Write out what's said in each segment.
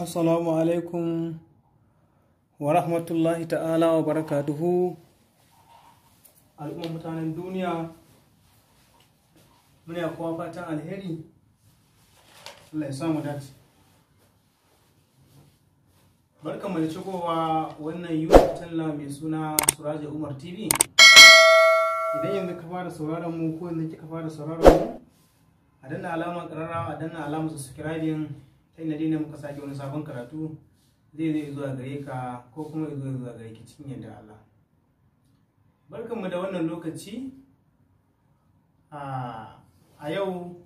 assalamu alaikum wa rahmatullahi ta'ala wa duhu al'umma mutanen duniya muna kowa fatan alheri Allah ya samu dace Barka da shigowa wannan youtube channel mai suna suraje umar tv idan yanzu ka fara sauraron mu ko yanzu kika fara sauraron mu a danna alamar karara a danna alamar subscribing ta inda ne muka sake wani sabon karatu zai zai zuwa gare ka ko kuma ya zuwa zuwa gare ki cikin yadda Allah barkanmu da wannan lokaci a yau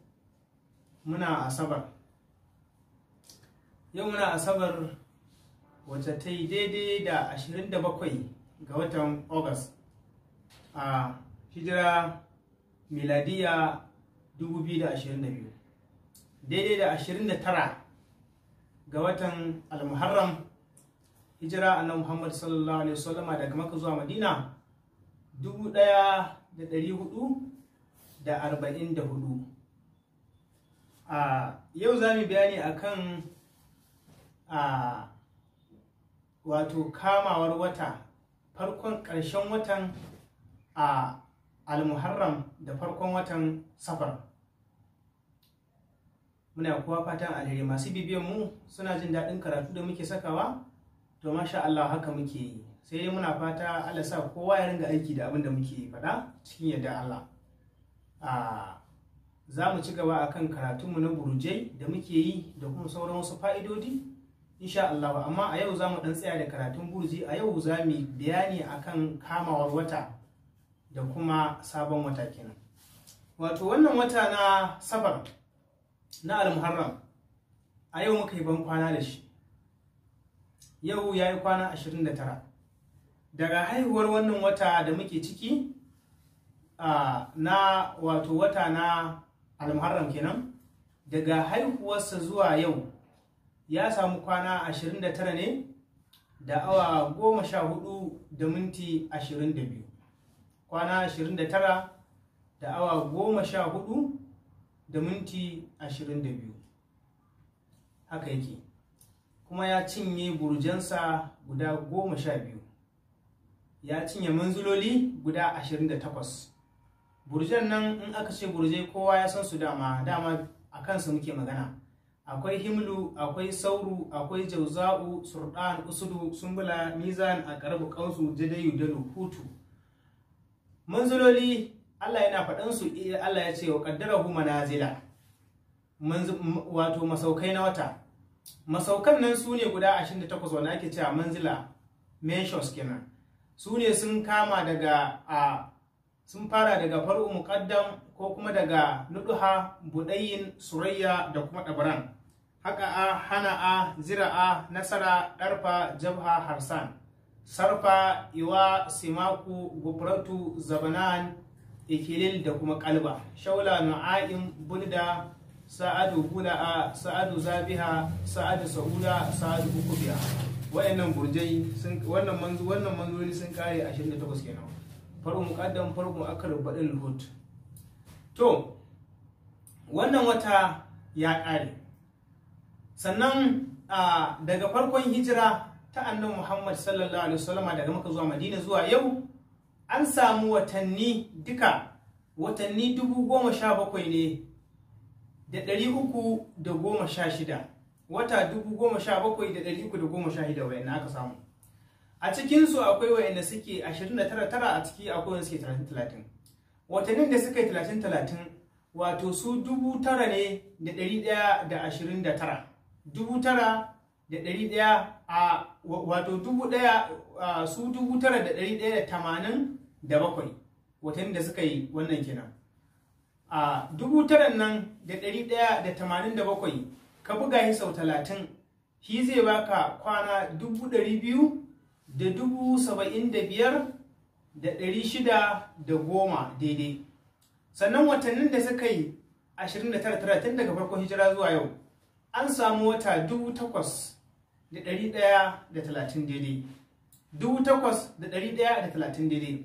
muna asabar yau muna asabar wacce ta yi daidai da 27 ga watan august a hijira miladiya 2022 daidai da 29 ga watan almuharram hijira annabi muhammad sallallahu alaihi wasallama daga maka zuwa madina dubu ɗaya da ɗari hudu da arba'in da a yau zamu mu bayani akan a wato kamawar wata farkon ƙarshen watan a almuharram da farkon watan safar muna kowa fatan alheri masu bibiyan mu suna jin daɗin karatu da muke sakawa to masha Allah haka muke yi sai dai muna fata Allah sa kowa ya ringa aiki da abin da muke faɗa cikin yadda Allah a za mu ci gaba akan mu na burujai da muke yi da kuma sauran wasu fa'idodi insha Allah ba, amma a yau za mu ɗan tsaya da karatun burji a yau za mu bayani akan kamawar wata da kuma sabon wata kenan wato wannan wata na sabar. na al-muharram a yau muka yi ban kwana da shi yau ya yi kwana 29 daga haihuwar wannan wata da muke ciki na wato wata na al-muharram kenan daga haihuwarsa zuwa yau ya samu kwana 29 ne da awa 14 da minti 22 kwana 29 da awa hudu. da minti 22 haka yake kuma ya cinye burjansa guda goma sha biyu ya cinye manzuloli guda 28 burjan nan in aka ce burje kowa ya san su dama dama a kansu muke magana akwai himlu akwai sauru akwai jauza'u surdan usudu sumbula mizan a ƙarfi kansu jadayu da hutu manzuloli Allah yana faɗan su eh, Allah ya ce wa kaddara qaddarahu manazila wato masaukai na wata masaukan nan su ne guda 28 wanda ake cewa manzila mentions kenan su ne sun kama daga a sun fara daga far'u muqaddam ko kuma daga nuduha budayin surayya da kuma dabran haka a hana a, zira a, nasara darfa jabha harsan sarfa iwa simaku gufratu zabanan ikilil da kuma kalba shaula nu'a'im bulda sa'adu hula'a sa'adu zabiha sa'adu sa'uda sa'adu hukubiya wayannan burjai sun wannan manzo wannan manzoli sun kare 28 kenan farko muqaddam farko akal badal hut to wannan wata ya kare sannan daga farkon hijira ta annabi Muhammad sallallahu alaihi wasallama daga Makka zuwa Madina zuwa yau an samu watanni duka watanni dubu goma sha bakwai ne da ɗari uku da goma sha shida wata dubu goma sha bakwai da ɗari uku da goma sha shida wayan aka samu a cikinsu akwai wayanda suke ashirin da tara tara a ciki akwai wanda suke talatin talatin watannin da suka yi talatin talatin wato su dubu tara ne da ɗari ɗaya da ashirin da tara dubu tara da ɗari ɗaya a wato dubu ɗaya su dubu tara da ɗari ɗaya da tamanin da bakwai watan da suka yi wannan kenan a dubu taran nan da ɗari ɗaya da tamanin da bakwai ka buga shi sau talatin shi zai baka kwana dubu ɗari biyu da dubu saba'in da biyar da ɗari shida da goma daidai sannan watannin da suka yi ashirin da tara tara tun daga farkon hijira zuwa yau an samu wata dubu takwas da ɗari ɗaya da talatin daidai dubu takwas da ɗari ɗaya da talatin daidai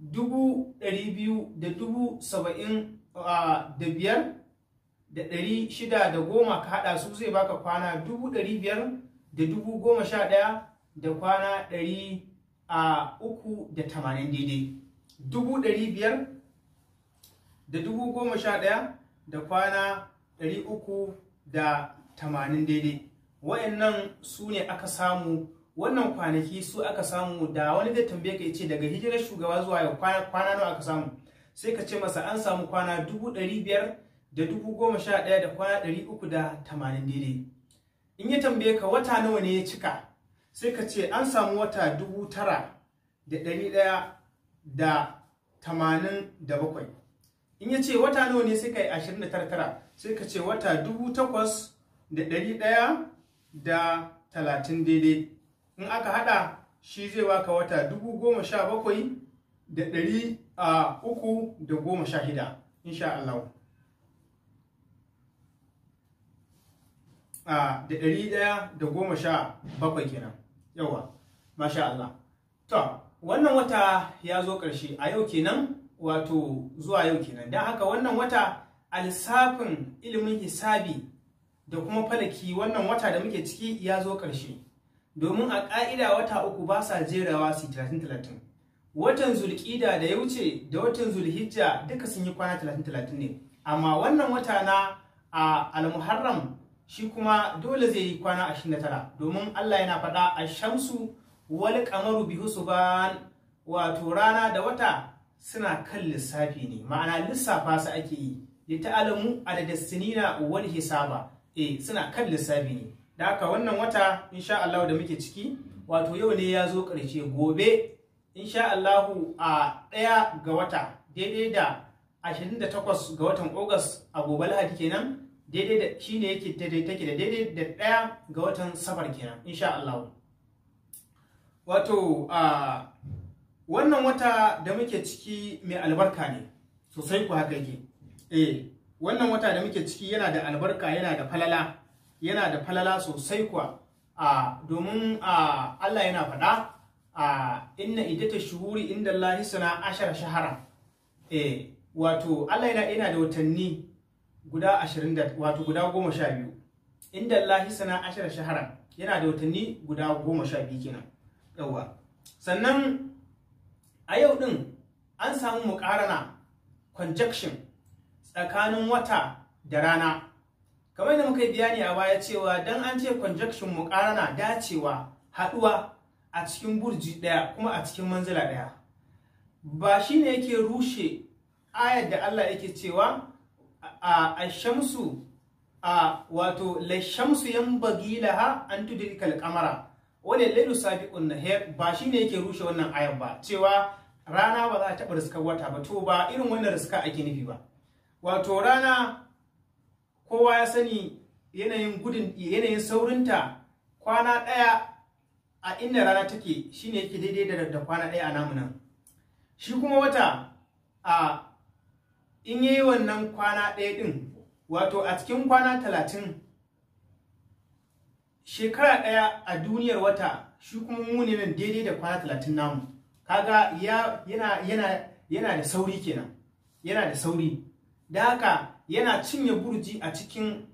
dubu ɗari biyu da dubu saba'in da biyar da ɗari shida da goma ka hada su zai baka kwana dubu ɗari biyar da dubu goma sha ɗaya da kwana ɗari a uku da tamanin daidai dubu dari biyar da dubu goma sha daya da kwana dari uku da tamanin daidai wayannan su ne aka samu wannan kwanaki su aka samu da wani zai tambaye ka ce daga hijirar shugaba zuwa yau kwana nawa aka samu sai ka ce masa an samu kwana dubu ɗari biyar da dubu goma sha ɗaya da kwana ɗari uku da tamanin daidai in ya tambaye ka wata nawa ne ya cika sai ka ce an samu wata dubu tara da ɗari ɗaya da tamanin da bakwai in ya ce wata nawa ne sai ka yi ashirin da tara sai ka ce wata dubu takwas da ɗari ɗaya da talatin daidai in aka hada shi zai baka wata dubu goma sha bakwai da ɗari uku da goma sha insha Allah a da ɗari ɗaya da goma sha bakwai kenan yawa masha Allah to wannan wata ya zo ƙarshe a yau kenan wato zuwa yau kenan don haka wannan wata a lissafin ilimin hisabi da kuma falaki wannan wata da muke ciki ya zo ƙarshe domin a ƙa'ida wata uku ba sa jerawa su talatin talatin watan zulƙida da ya wuce da watan zulhijja duka sun yi kwana talatin talatin ne amma wannan wata na a almuharram shi kuma dole zai yi kwana 29 domin allah yana faɗa a shamsu wani kamaru su ba, wato rana da wata suna kan lissafi ne ma'ana lissafa su ake yi Ya ta'alamu na wani hisaba E, suna kan lissafi ne da haka wannan wata insha Allah da muke ciki wato yau ne ya zo ƙarshe gobe insha Allah a ɗaya ga wata daidai da 28 ga watan Ogas a gobe Lahadi kenan daidai da shine yake take da daidai da ɗaya ga watan Safar kenan insha Allah wato a wannan wata da muke ciki mai albarka ne sosai ku haka ke. eh wannan wata da muke ciki yana da albarka yana da falala yana da falala sosai kuwa a domin a Allah yana faɗa a inna iddata shuhuri inda Allah sana ashara shahara eh wato Allah yana yana da watanni guda 20 wato guda 12 inda Allah sana ashara shahara yana da watanni guda 12 kenan yawa sannan a yau din an samu mukarana conjunction tsakanin wata da rana kamar yadda muka yi bayani a baya cewa dan an ce conjunction muqarana dacewa haduwa a cikin burji daya kuma a cikin manzila daya ba shine yake rushe ayar da Allah yake cewa a ashamsu a wato lashamsu yanbaghi laha an tudrikal qamara wala laylu sabiqun nahar ba shine yake rushe wannan ayar ba cewa rana ba za ta taba riskar wata ba to ba irin wannan riska ake nufi ba wato rana kowa ya sani yanayin gudun yanayin saurinta kwana ɗaya a inda rana take shine yake daidai da kwana ɗaya a namu shi kuma wata a in yayi wannan kwana ɗaya ɗin wato a cikin kwana talatin shekara ɗaya a duniyar wata shi kuma mu ne nan daidai da kwana talatin namu kaga ya yana yana yana da sauri kenan yana da sauri da haka yana cinye burji a cikin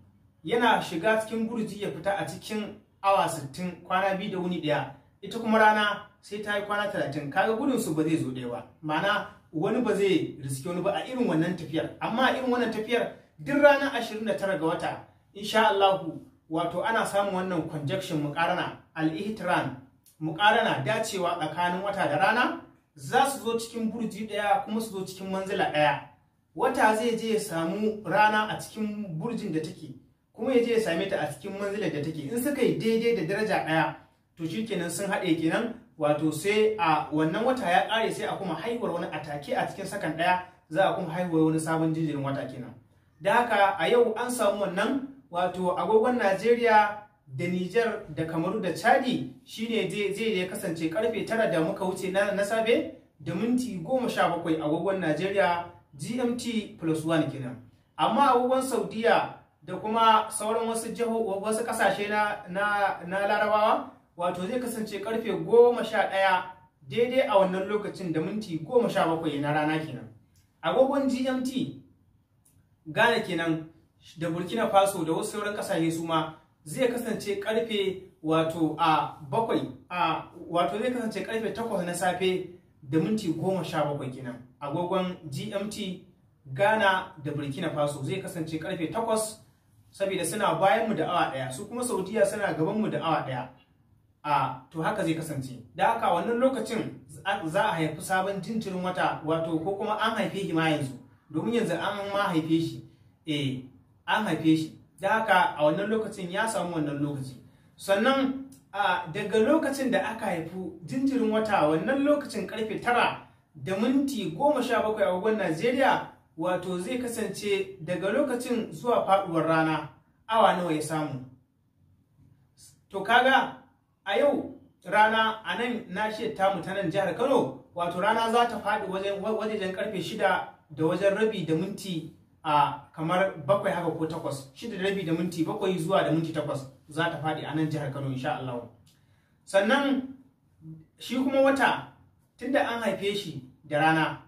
yana shiga cikin burji ya fita a cikin awa 60 kwana biyu da wuni daya ita kuma rana sai ta yi kwana 30 kaga gudun su ba zai zo daya ba ma'ana wani ba zai riske wani ba a irin wannan tafiyar amma a irin wannan tafiyar duk ranar 29 ga wata insha Allah wato ana samun wannan conjunction muqarana al-ihtiran muqarana dacewa tsakanin wata da rana za su zo cikin burji daya kuma su zo cikin manzila daya wata zai je ya samu rana a cikin burjin da take kuma ya je ya same ta a cikin manzilar da take in suka yi daidai da daraja ɗaya to shi kenan sun haɗe kenan wato sai a wannan wata ya ƙare sai a kuma haihuwar wani atake a cikin sakan ɗaya za a kuma haihuwar wani sabon jinjirin wata kenan da haka a yau an samu wannan wato agogon najeriya da Nijar da Kamaru da Chadi shine zai ya kasance karfe tara da muka wuce na safe da minti goma sha bakwai agogon Najeriya gmt plus 1 kenan amma agogon saudiya da kuma sauran wasu wasu kasashe na, na, na larabawa wato zai kasance karfe goma sha ɗaya daidai a wannan lokacin da minti goma sha bakwai na rana kenan agogon gmt ghana kenan da burkina faso da wasu sauran kasashe su ma zai kasance karfe wato a bakwai a wato zai kasance karfe 8 na safe da minti goma sha bakwai kenan agogon gmt ghana da burkina faso zai kasance karfe 8 saboda suna bayanmu da awa daya su kuma saudiya suna gabanmu da awa daya a to haka zai kasance da haka wannan lokacin za a haifi sabon jinjirin wata wato ko kuma an haife shi ma yanzu domin yanzu an ma haife shi eh an haife shi da haka a wannan lokacin ya samu wannan lokaci sannan daga lokacin da aka haifi jinjirin wata wannan lokacin karfe tara da minti goma sha bakwai a agogon Najeriya wato zai kasance daga lokacin zuwa faduwar rana awa nawa ya samu. To kaga a yau rana a nan na tamu ta nan jihar Kano wato rana za ta faɗi wajen karfe shida da wajen rabi da minti a kamar bakwai haka ko takwas shida da rabi da minti bakwai zuwa da minti takwas za ta faɗi a nan jihar Kano insha Allah. Sannan shi kuma wata tunda an haife shi da rana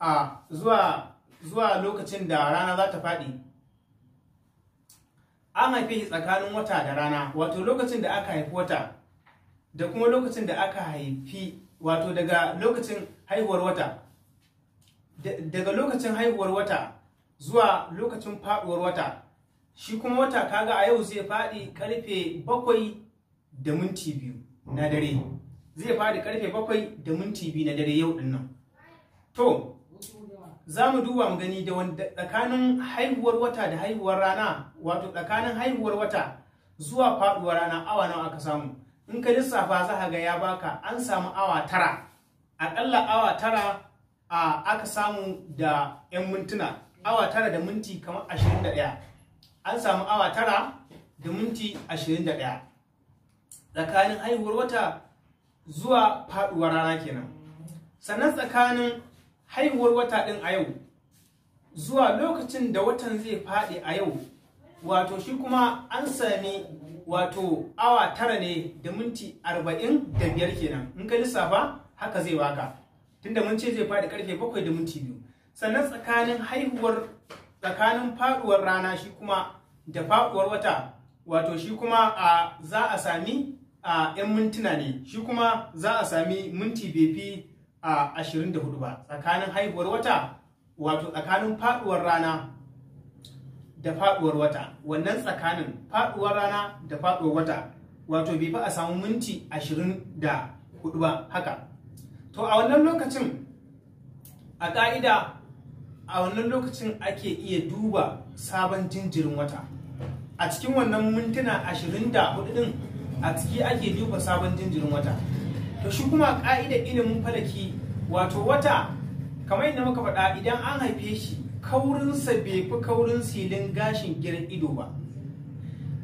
a zuwa zuwa lokacin da rana za ta faɗi an haife shi tsakanin wata da rana wato lokacin da aka haifi wata da kuma lokacin da aka haifi wato daga lokacin haihuwar wata daga lokacin haihuwar wata zuwa lokacin faɗuwar wata shi kuma wata kaga a yau zai faɗi karfe bakwai da minti biyu na dare zai fara karfe bakwai da minti biyu na dare yau din nan to za mu duba mu gani da wanda tsakanin haihuwar wata da haihuwar rana wato tsakanin haihuwar wata zuwa faduwar rana awa nawa aka samu in ka lissafa za ka ga ya baka an samu awa tara akalla awa tara a aka samu da 'yan mintuna awa tara da minti kamar 21 an samu awa tara da minti 21 tsakanin haihuwar wata zuwa faduwar rana kenan sannan tsakanin haihuwar wata ɗin a yau zuwa lokacin da watan zai faɗi a yau wato shi kuma an sami wato awa tara ne da minti arba'in da biyar kenan in ka lissafa haka zai waka tunda mun ce zai faɗi karfe bakwai da minti biyu sannan tsakanin haihuwar tsakanin faɗuwar rana shi kuma da faɗuwar wata wato shi kuma a za a sami a 'yan mintuna ne shi kuma za a sami minti bebi a 24 ba tsakanin haihuwar wata wato tsakanin faduwar rana da faduwar wata wannan tsakanin faduwar rana da faduwar wata wato bai fi a samu minti 24 ba haka to a wannan lokacin a ka'ida a wannan lokacin ake iya duba sabon jinjirin wata a cikin wannan mintuna 24 din a ciki ake duba sabon jinjirin wata to shi kuma ka'idar ilimin falaki wato wata kamar yadda muka faɗa idan an haife shi kaurinsa bai fi kaurin silin gashin gidan ido ba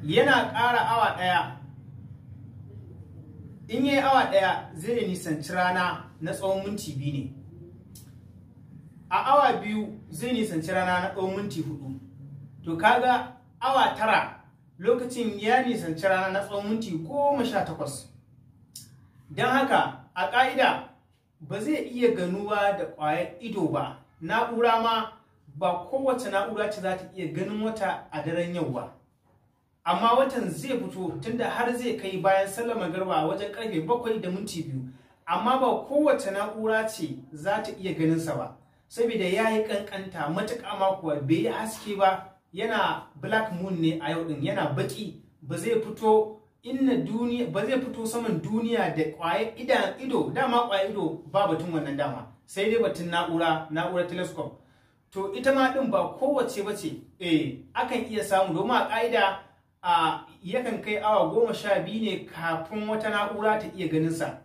yana ƙara awa ɗaya in yi awa ɗaya zai nisanci rana na tsawon minti biyu ne a awa biyu zai nisanci rana na tsawon minti hudu to kaga awa tara lokacin ya nisanci rana na tsawon minti goma sha takwas don haka a ƙa'ida ba zai iya ganuwa da ƙwayar ido ba na'ura ma ba kowace na'ura ce za ta iya ganin wata a daren yau ba amma watan zai fito tunda har zai kai bayan sallama garba wajen karfe bakwai da minti biyu amma ba kowace na'ura ce za ta iya ganinsa ba saboda ya yi kankanta matuƙa makuwa bai yi haske ba yana black moon ne a yau din yana baki ba zai fito inna duniya ba zai fito saman duniya da kwaye idan ido dama kwaye ido ba batun wannan dama sai dai batun na'ura na'ura telescope to ita ma din ba kowace bace eh akan iya samu domin a ka'ida a yakan kai awa goma sha biyu ne kafin wata na'ura ta iya ganin sa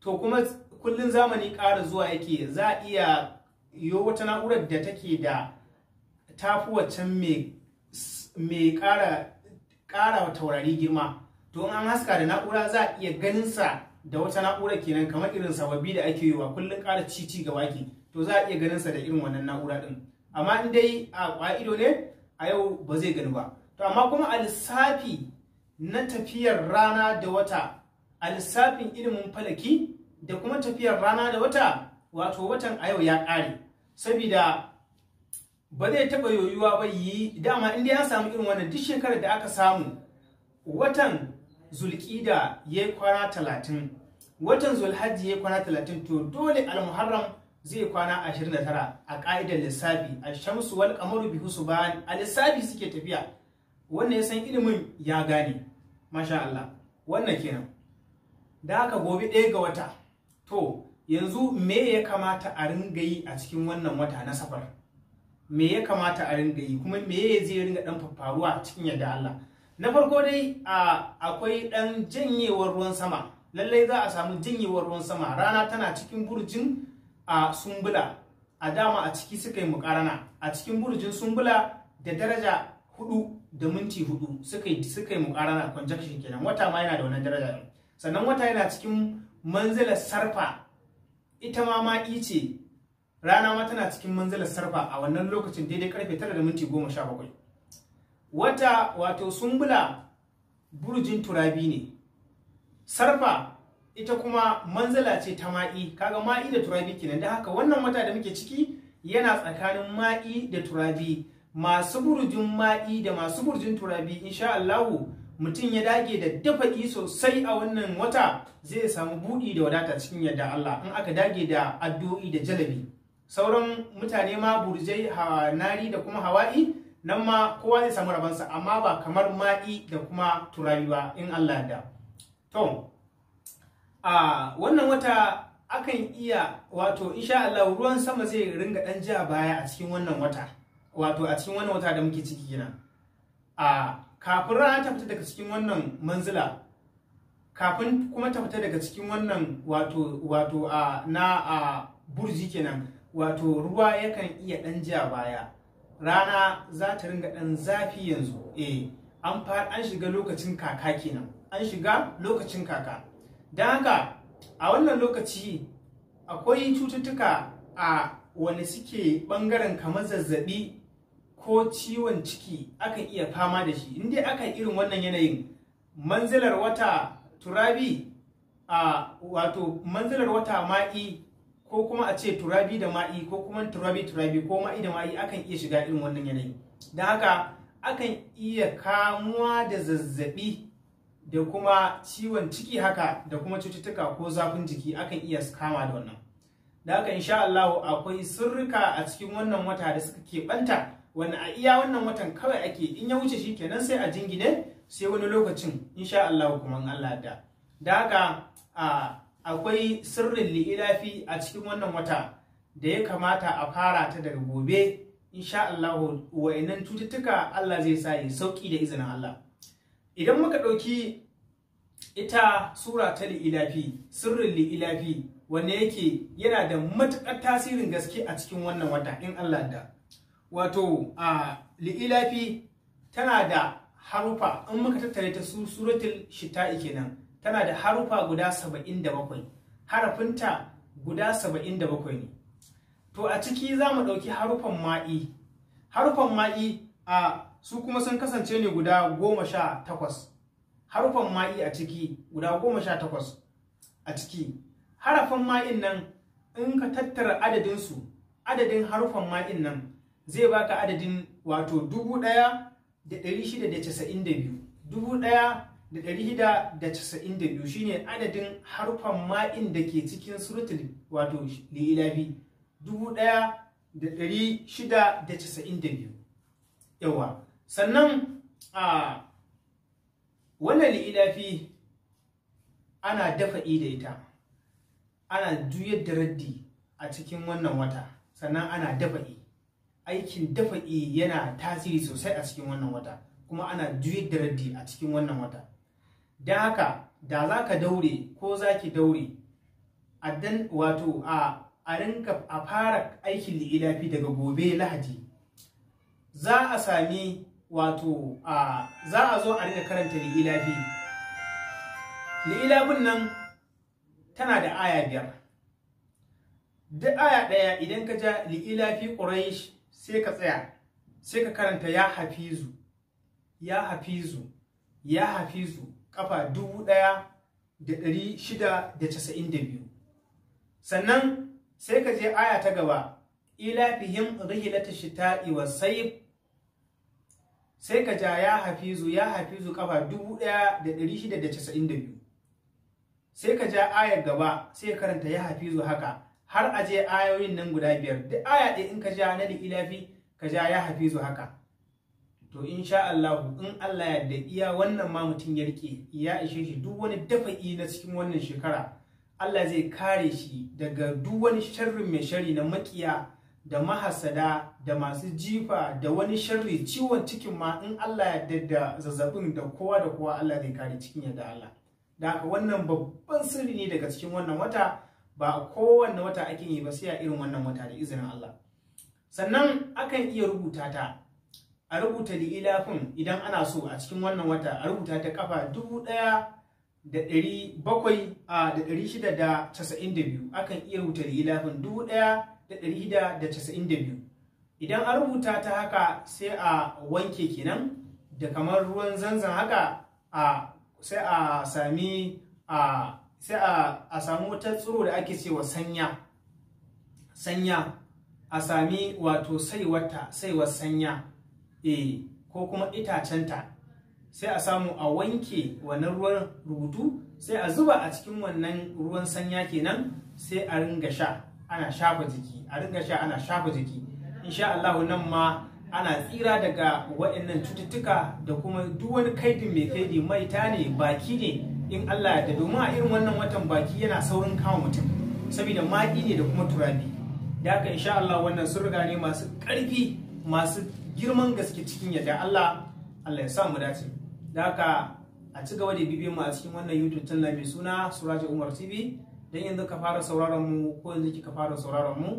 to kuma kullun zamani ƙara zuwa yake za a iya yo wata na'urar da take da tafi me mai ƙara taurari girma to an haska da na'ura za a iya ganin sa da wata na'ura kenan kamar irin sababbi da ake yi wa kullum ƙara cici ga waki. to za a iya ganin sa da irin wannan na'ura din amma in dai a ƙwa'ido ne a yau ba zai gani ba to amma kuma a lissafi na tafiyar rana da wata a lissafin ilimin falaki da kuma tafiyar rana da wata wato watan a yau ya ƙare saboda ba zai taɓa yoyuwa ba yi dama inda ya samu irin wannan duk shekarar da aka samu watan Zulqida ya yi kwana talatin watan zulhajji ya yi kwana talatin to dole almuharram zai yi kwana ashirin da tara a ƙa'idar lissafi a shamsu wal kamaru su bayan a lissafi suke tafiya wannan ya san ilimin ya gane masha Allah wannan kenan da haka gobe ɗaya ga wata to yanzu me ya kamata a ringa yi a cikin wannan wata na safar me ya kamata a ringa yi kuma me zai ringa dan faruwa cikin yadda Allah na farko dai akwai dan janyewar ruwan sama lallai za a samu janyewar ruwan sama rana tana cikin burjin a sumbula a dama a ciki suka yi mukarana a cikin burjin sumbula da daraja hudu da minti hudu suka yi suka yi mukarana conjunction kenan wata ma yana da wannan daraja sannan wata yana cikin manzilar sarfa ita ma ma ce rana ma tana cikin manzalar sarfa a wannan lokacin daidai karfe 9 da minti 17 wata wato sumbula burjin turabi ne sarfa ita kuma manzala ce ta ma'i kaga ma'i da turabi kenan da haka wannan wata da muke ciki yana tsakanin ma'i da turabi masu burjin ma'i da masu burjin turabi insha Allah mutum ya dage da dafaƙi sosai a wannan wata zai samu buɗi da wadata cikin yadda Allah in aka dage da addu'o'i da jalabi sauran mutane ma burjai nari da kuma hawa'i nan ma kowa zai samu rabansa amma ba kamar ma'i da kuma turari ba in Allah da to a wannan wata akan iya wato insha Allah ruwan sama zai ringa dan ja baya a cikin wannan wata wato a cikin wannan wata da muke ciki gina a kafin rana ta fita daga cikin wannan manzila kafin kuma ta fita daga cikin wannan wato wato a na a burji kenan wato ruwa yakan iya ɗan ja baya rana za ta ringa ɗan zafi yanzu eh an far an shiga lokacin kaka kenan an shiga lokacin kaka don haka a wannan lokaci akwai cututtuka a wani suke ɓangaren kamar zazzabi ko ciwon ciki aka iya fama da shi inda aka irin wannan yanayin manzilar wata turabi a wato manzilar wata ma'i ko kuma a ce turabi da ma'i ko kuma turabi turabi ko ma'i da ma'i akan iya shiga irin wannan yanayi don haka akan iya kamuwa da zazzabi da kuma ciwon ciki haka da kuma cututtuka ko zafin jiki akan iya kama da wannan da haka insha Allah akwai sirrika a cikin wannan wata da suka banta wani a iya wannan watan kawai ake in ya wuce shi kenan sai a jingine sai wani lokacin insha Allah kuma Allah da da haka a ah, akwai sirrin li'ilafi a cikin wannan wata da ya kamata a fara ta daga gobe insha Allah wa'annan cututtuka Allah zai sa ya sauki da izinin Allah idan muka ɗauki ita sura ta li'ilafi sirrin li'ilafi wanne yake yana da matuƙar tasirin gaske a cikin wannan wata in Allah da wato a li'ilafi tana da harufa in muka tattare ta su suratul shita'i kenan tana da harufa guda 77 harafinta guda 77 ne to a ciki za mu ɗauki harufan ma'i harufan ma'i a su kuma sun kasance ne guda 18 harufan ma'i a ciki guda 18 a ciki harafin ma'in nan in ka tattara adadinsu adadin harufan ma'in nan zai baka adadin wato 1692 da ɗari shida da casa'in da biyu shine adadin harfan ma'in da ke cikin surutu wato li'ilafi dubu ɗaya da ɗari shida da casa'in da biyu yawa sannan a wannan li'ilafi ana dafa da ita ana juyar da raddi a cikin wannan wata sannan ana dafa I. aikin dafa I yana tasiri sosai a cikin wannan wata kuma ana juyar da raddi a cikin wannan wata da haka da za ka daure ko za ki daure addan wato a a rinka a fara aikin li'ilafi daga gobe lahadi za a sami wato a za a zo a rinka karanta li'ilafi li'ilafin nan tana da aya biyar duk aya ɗaya idan ka ja li'ilafi ƙuraish sai ka tsaya sai ka karanta ya hafizu ya hafizu ya hafizu kafa dubu ɗaya da ɗari shida da casa'in da biyu sannan sai ka je aya ta gaba ila fihim rihilata shita'i wa sayf sai ka ja ya hafizu ya hafizu kafa dubu ɗaya da ɗari shida da casa'in da biyu sai ka ja ayar gaba sai karanta ya hafizu haka har a je ayoyin nan guda biyar da aya ɗaya in ka ja na da ilafi ka ja ya hafizu haka to insha Allah in Allah ya da iya wannan ma mutum ya rike ya ishe shi duk wani dafa'i na cikin wannan shekara Allah zai kare shi daga duk wani sharrin mai shari na makiya da mahasada da masu jifa da wani sharri ciwon cikin ma in Allah ya da zazzabin da kowa da kowa Allah zai kare cikin ya da Allah da haka wannan babban sirri ne daga cikin wannan wata ba kowanne wata ake yi ba sai a irin wannan wata da izinin Allah sannan akan iya rubuta ta a rubuta ilafin idan ana so a cikin wannan wata a rubuta ta kafa dubu ɗaya da ɗari bakwai da ɗari shida da casa'in da biyu akan iya rubuta ilafin dubu ɗaya da ɗari shida da casa'in da biyu idan an rubuta ta haka sai a wanke kenan da kamar ruwan zanzan haka a sai a sami a sai a samu wata tsiro da ake cewa sanya sanya a sami wato saiwata saiwar sanya eh ko kuma itacenta sai a samu a wanke wannan ruwan rubutu sai a zuba a cikin wannan ruwan sanya kenan sai a ringa sha ana shafa jiki a ringa sha ana shafa jiki insha Allah nan ma ana tsira daga waɗannan cututtuka da kuma duk wani kaidi mai kaidi maita ne baki ne in Allah ya domin a irin wannan watan baki yana saurin kama mutum saboda maƙi ne da kuma turabi da haka insha Allah wannan sun riga ne masu ƙarfi masu girman gaske cikin yadda Allah Allah ya sa mu dace da haka a ci gaba da bibiyan mu a cikin wannan YouTube channel mai suna suraji Umar TV dan yanzu ka fara sauraron mu ko yanzu kika fara sauraron mu